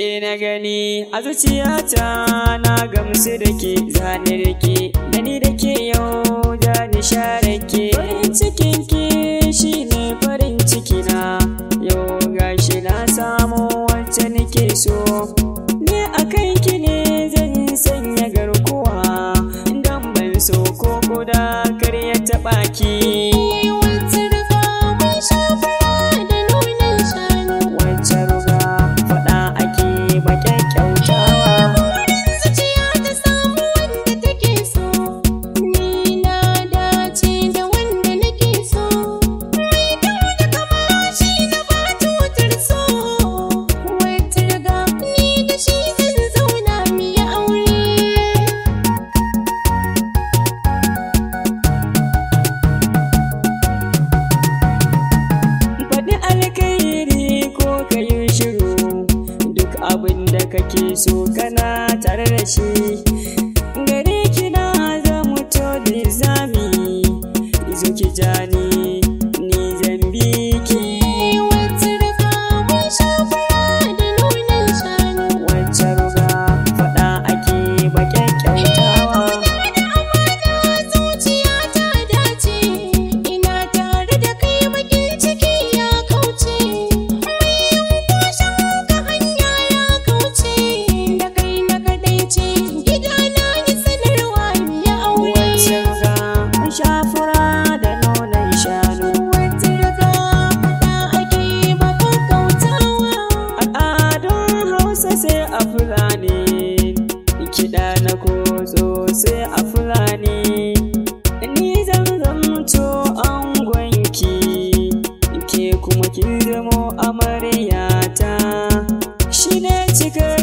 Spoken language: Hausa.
ke na gani a zuciyata na gamsu da ke zane da ke gani da ke yau da nishare ke farin cikin ke shi ne farin ciki na yau gashi na samu wacce nake so so kana zo sai a fulani ni zan zamto angonki ke kuma kin zamo amaryata shi ne